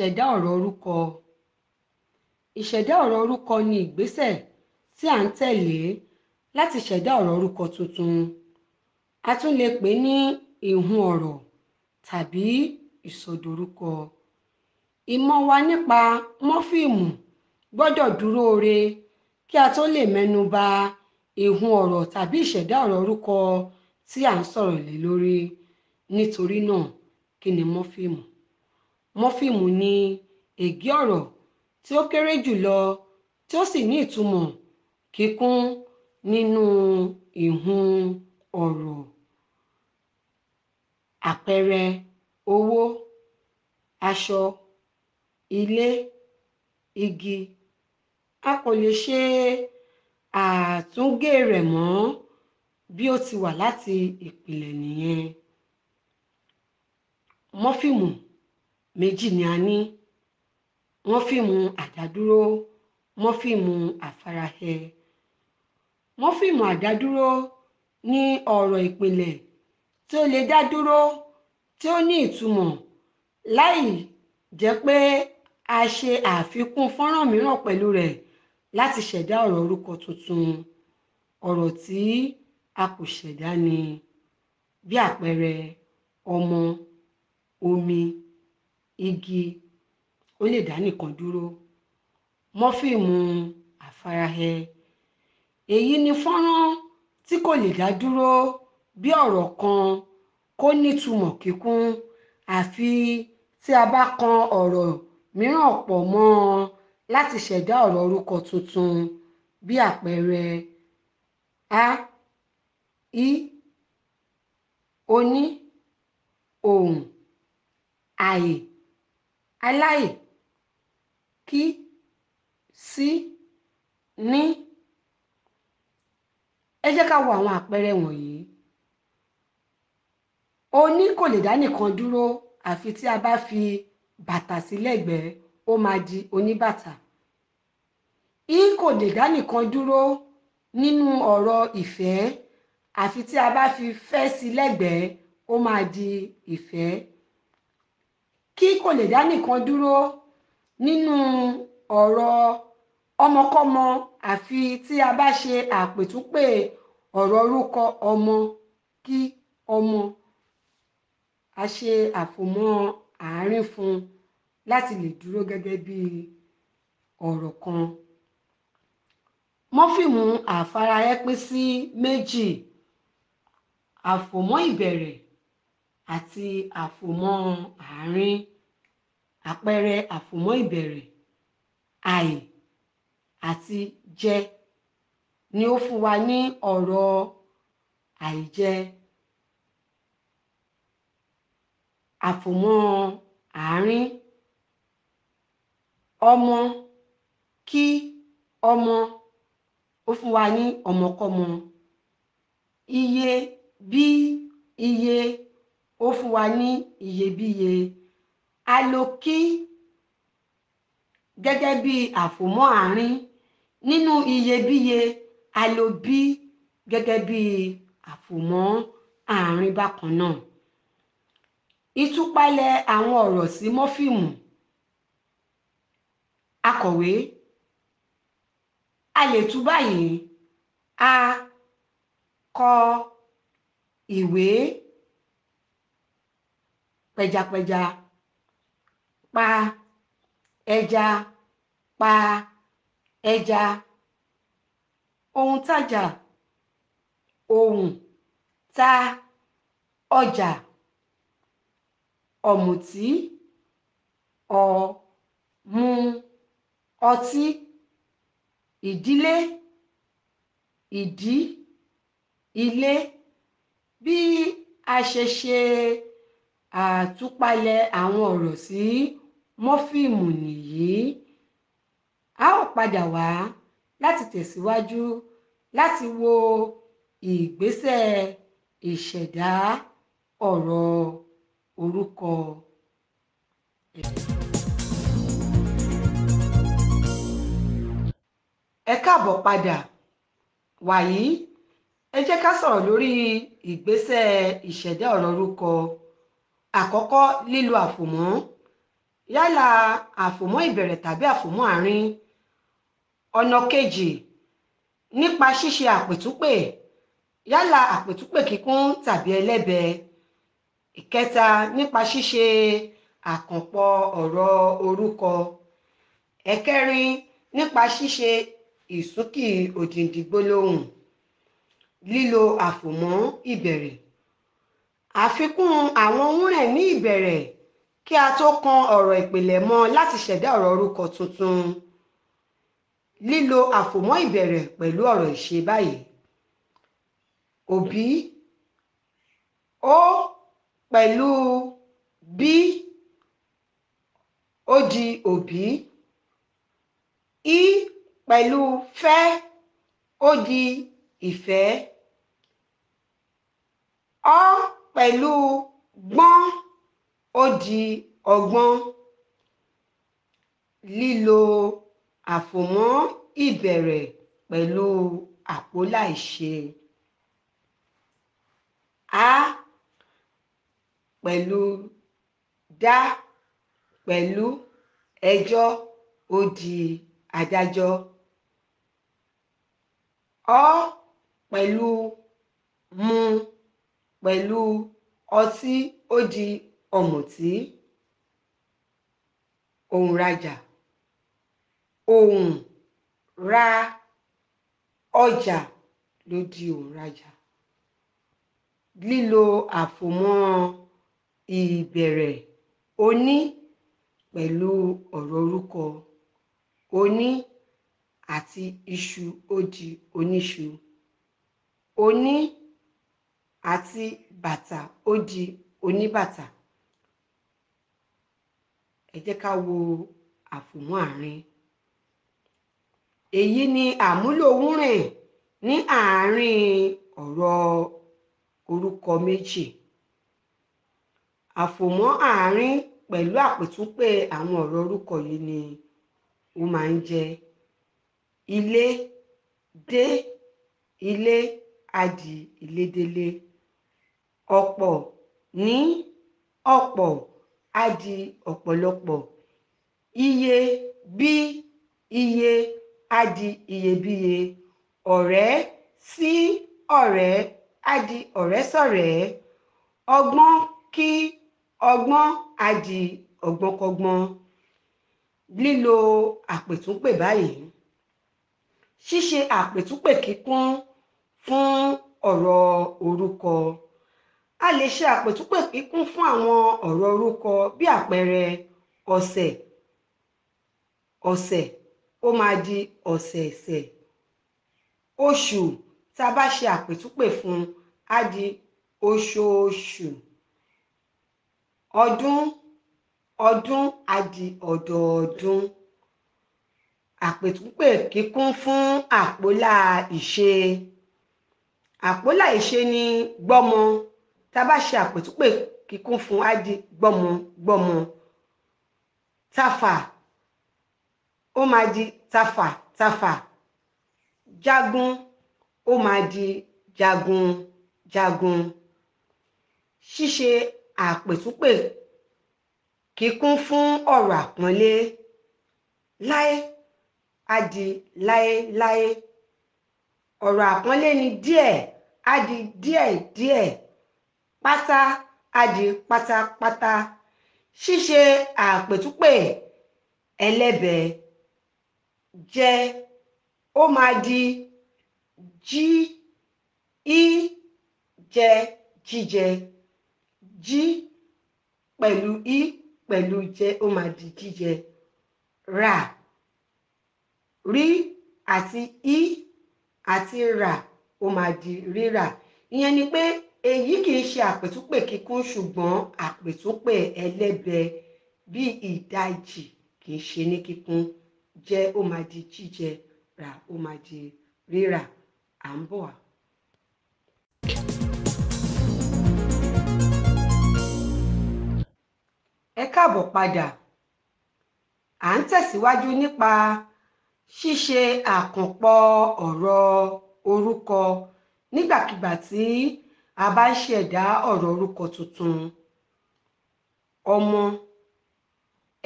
ìṣẹ̀dá ọ̀rọ̀ orúkọ. Ìṣẹ̀dá ọ̀rọ̀ orúkọ ni ìgbésẹ̀ tí à ń tẹ̀lé láti ṣẹ̀dá ọ̀rọ̀ orúkọ tuntun. A tún lè pè é ní ìhun ọ̀rọ̀ tàbí ìsọdorúkọ. Ìmọ̀ wa nípa mọ́fíìmù gbọ́dọ̀ dúró re kí a tó lè mẹ́nu ba ìhun ọ̀rọ̀ tàbí ìṣẹ̀dá ọ̀rọ̀ orúkọ tí à ń sọ̀rọ̀ lé lórí. Nítorí náà, kí ni mọ́fíìmù? mọ́fíìmù ni ègé ọ̀rọ̀ tí ó kéré jùlọ tí ó sì ní ìtumọ̀ kíkún nínú ìhun ọ̀rọ̀ àpẹẹrẹ owó aṣọ ilé igi a kò lè ṣe àtúngé rẹ̀ mọ́ bí ó ti wà láti ìpìlẹ̀ nìyẹn mọ́fíìmù méjì ni a ní mọ́fíìmù àdádúró mọ́fíìmù àfarahẹ mọ́fíìmù àdádúró ní ọ̀rọ̀ ìpìlẹ̀ tí ó lè dá dúró tí ó ní ìtumọ̀ láì jẹ́ pé a ṣe àfikún fọ́nrán mìíràn pẹ̀lú rẹ̀ láti ṣẹ̀dá ọ̀rọ̀ orúkọ tuntun ọ̀rọ̀ tí a kò ṣẹ̀dá ni bí àpẹẹrẹ ọmọ omi igi ó lè dá nìkan dúró mọ́fíìmù àfarahẹ èyí ni fọ́nrán tí kò lè dá dúró bí ọ̀rọ̀ kan kò nítumọ̀ kíkún àfi tí a bá kan ọ̀rọ̀ mìíràn pọ̀ mọ́ láti ṣẹ̀dá ọ̀rọ̀ orúkọ tuntun bí àpẹẹrẹ a i oni ohùn àyè aláì kí sí ní ẹ jẹ́ ká wo àwọn àpẹẹrẹ wọ̀nyí oní kò lè dá nìkan dúró àfi tí a bá fi bàtà sí lẹ́gbẹ̀ẹ́ ó máa di oníbàtà i kò lè dá nìkan dúró nínú ọ̀rọ̀ ìfẹ́ àfi tí a bá fi fẹ́ sí lẹ́gbẹ̀ẹ́ ó máa di ìfẹ́ kí kò lè dá nìkan dúró nínú ọ̀rọ̀ ọmọkọ́mọ àfi tí a bá ṣe àpètúnpè ọ̀rọ̀ orúkọ ọmọ kí ọmọ a ṣe àfòmọ́ àárín fún un láti lè dúró gẹ́gẹ́ bí ọ̀rọ̀ kan. mọ́fíìmù àfarahẹ́ sí méjì àfòmọ́ ìbẹ̀rẹ̀ àti àfòmọ́ àárín àpẹẹrẹ àfòmọ́ ìbẹ̀rẹ̀ àì àti jẹ ni ó fún wa ní ọ̀rọ̀ àìjẹ àfòmọ́ àárín ọmọ kí ọmọ ó fún wa ní ọmọkọ́mọ iye bí iye wa ní iyebíye a lo kí gẹ́gẹ́ bí àfòmọ́ àárín nínú iyebíye a lo bí gẹ́gẹ́ bí àfòmọ́ àárín bákan náà ìtúpalẹ̀ àwọn ọ̀rọ̀ sí mọ́fíìmù akọ̀wé a lè tú báyìí a kọ ìwé pẹjapẹja pa ẹja pa ẹja ohun tajà ohun ta ọjà ọ̀mùtí ọ̀mu ọtí ìdílé ìdí ilé bí a ṣe ṣe àtúpalẹ̀ àwọn ọ̀rọ̀ sí mọ́fíìmù nìyí a ó padà wá láti tẹ̀síwájú láti wo ìgbésẹ̀ ìṣẹ̀dá ọ̀rọ̀ orúkọ. ẹ káàbọ̀ padà wàyí ẹ jẹ́ ká sọ̀rọ̀ lórí ìgbésẹ̀ ìṣẹ̀dá ọ̀rọ̀ orúkọ àkọ́kọ́ lílo àfòmọ́ yálà àfòmọ́ ìbẹ̀rẹ̀ tàbí àfòmọ́ àárín ọ̀nà kejì nípa ṣíṣe àpètúpè yálà àpètúpè kíkún tàbí ẹlẹ́bẹ ìkẹta nípa ṣíṣe àkànpọ̀ ọ̀rọ̀ orúkọ ẹ̀kẹrin nípa ṣíṣe ìsúnkì òdìndí gbólóhùn lílo àfòmọ́ ìbẹ̀rẹ̀ àfikún àwọn wúnrẹ̀n ní ìbẹ̀rẹ̀ kí a tó kan ọ̀rọ̀ ìpìlẹ̀ mọ́ láti ṣẹ̀dá ọ̀rọ̀ orúkọ tuntun lílo àfòmọ́ ìbẹ̀rẹ̀ pẹ̀lú ọ̀rọ̀ ìṣe báyìí òbí ó pẹ̀lú bí ó di òbí í pẹ̀lú fẹ́ ó di ìfẹ́ pẹ̀lú gbọ́n odi, di ọgbọ́n lílo àfòmọ́ ìbẹ̀rẹ̀ pẹ̀lú àpòláìṣe a pẹ̀lú dá pẹ̀lú ẹjọ́ odi, di adájọ́ ọ pẹ̀lú mu. Mm pẹ̀lú ọtí ó di ọ̀mùtí òǹrajà òun ra ọjà ló di òǹrajà lílo àfòmọ́ ìbẹ̀rẹ̀ oní pẹ̀lú ọ̀rọ̀ orúkọ oní àti iṣu ó di oníṣu oní àti bàtà ó di oníbàtà ẹ jẹ́ ká wo àfòmọ́ àárín èyí ni àmúlò wúnrìn ní àárín ọ̀rọ̀ orúkọ méjì àfòmọ́ àárín pẹ̀lú àpètúnpẹ̀ àwọn ọ̀rọ̀ orúkọ yìí ni ó máa ń jẹ́ ilé dé ilé á di ilé ọ̀pọ̀ ní ọ̀pọ̀ á di ọ̀pọ̀lọpọ̀ iye bí iye á di iyebíye ọ̀rẹ́ sí ọ̀rẹ́ á di ọ̀rẹ́sọ̀rẹ́ ọgbọ́n kí ọgbọ́n á di ọgbọ́nkọ́gbọ́n lílo àpètúnpè báyìí ṣíṣe àpètúnpè kíkún fún ọ̀rọ̀ orúkọ a lè ṣe àpètúpè kíkún fún àwọn ọ̀rọ̀ orúkọ bí àpẹẹrẹ ọ̀sẹ̀ ọ̀sẹ̀ ó máa di ọ̀sẹ̀ẹ̀sẹ̀ oṣù tá a bá ṣe àpètúpè fún á di oṣooṣù ọdún ọdún á di ọdọọdún àpètúpè kíkún fún àpólà ìṣe àpólà ìṣe ni gbọ́mọ tá a bá ṣe àpètúpè kíkún fún á di gbọmọ gbọmọ tafa ó m'a di tafa tafa jagun ó m'a di jagun jagun ṣíṣe àpètúpè kíkún fún ọ̀rọ̀ àpọ́nlé láé á di láé láé ọ̀rọ̀ àpọ́nlé ni die a di die die pátá adì pátápátá ṣíṣe àpètúpè ẹlẹ́bẹ̀ jẹ́ ó máa di jí í jẹ jíjẹ jí pẹ̀lú í pẹ̀lú jẹ ó máa di jíjẹ rà rí àti í àti rà ó máa di rírà ìyẹn ni pé èyí kì í ṣe àpètúpè kíkún ṣùgbọ́n àpètúpè ẹlẹ́bẹ bí ìdajì kì í ṣe ní kíkún jẹ ó máa di jíjẹ rà ó máa di rírà à ń bọ̀ wá. ẹ káàbọ̀ padà à ń tẹ̀síwájú nípa ṣíṣe àkànpọ̀ ọ̀rọ̀ orúkọ nígbàkigbà tí. Si a bá ń ṣẹ̀dá ọ̀rọ̀ orúkọ tuntun ọmọ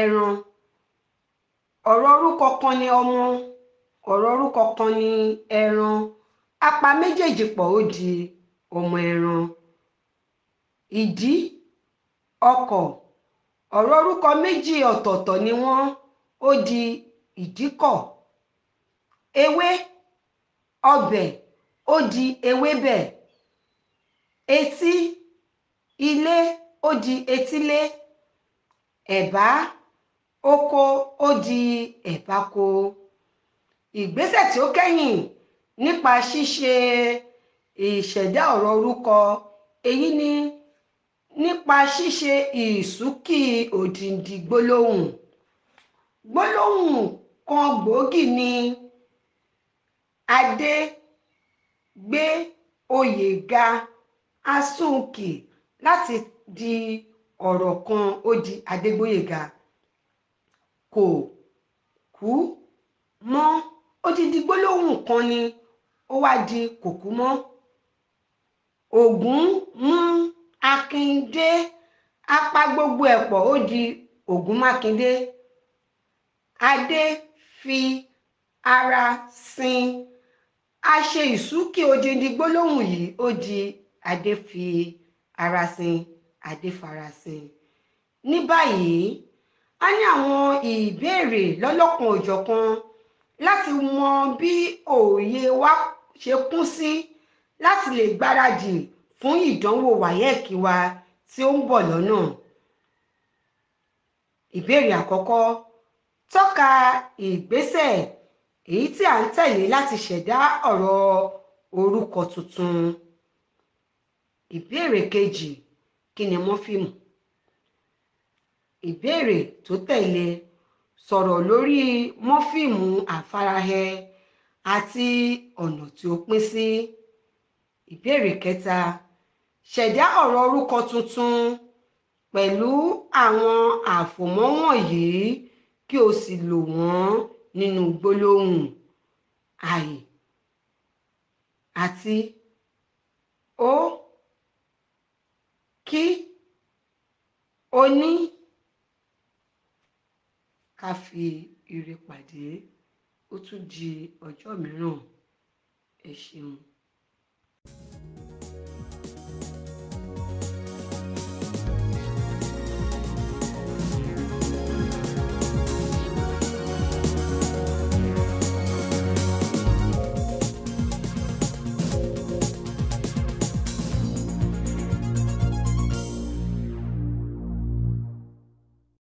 ẹran ọ̀rọ̀ orúkọ kan ni ọmọ ọ̀rọ̀ orúkọ kan ni ẹran a pa méjèèjì pọ̀ ó di ọmọ ẹran ìdí ọkọ̀ ọ̀rọ̀ orúkọ méjì ọ̀tọ̀ọ̀tọ̀ ni wọ́n ó di ìdíkọ̀ ewé ọbẹ̀ ó di ewébẹ̀ etí ilé ó di etílé ẹ̀bá oko ó di ẹ̀báko ìgbésẹ̀ tí ó kẹ́yìn nípa ṣíṣe ìṣẹ̀dá ọ̀rọ̀ orúkọ èyí ni nípa ṣíṣe ìsúkì òdìndì gbólóhùn gbólóhùn kan gbòógì ni adé gbé oyè ga asúnkì láti di ọ̀rọ̀ kan ó di adégbóyèga kò kú mọ́ odidi gbólóhùn kan ni ó wá di kò kú mọ́ ògún mú akíndé apá gbogbo ẹ̀pọ̀ ó di ògún mákindé adé fi ara sin a ṣe ìsúkè odidi gbólóhùn yìí ó di adé fi ara sin adé fara sin ní báyìí a ní àwọn ìbéèrè lọ́lọ́kan òjọ̀kan láti mọ bí òye wa ṣe kún sí láti lè gbáradì fún ìdánwò wáyẹ́ẹ̀kì wa tí ó ń bọ̀ lọ́nà. ìbéèrè àkọ́kọ́ tọ́ka ìgbésẹ̀ èyí tí a ń tẹ̀lé láti ṣẹ̀dá ọ̀rọ̀ orúkọ tuntun ìbéèrè kejì kí ni mọ́fíìmù ìbéèrè tó tẹ̀lé sọ̀rọ̀ lórí mọ́fíìmù àfarahẹ àti ọ̀nà tí ó pín sí ìbéèrè kẹta ṣẹ̀dá ọ̀rọ̀ orúkọ tuntun pẹ̀lú àwọn àfòmọ́ wọ̀nyí kí o sì lò wọ́n nínú gbólóhùn àì àti ó. Oh, kí o ní ká fi ire pàdé ó tún di ọjọ́ mìíràn ẹ ṣeun.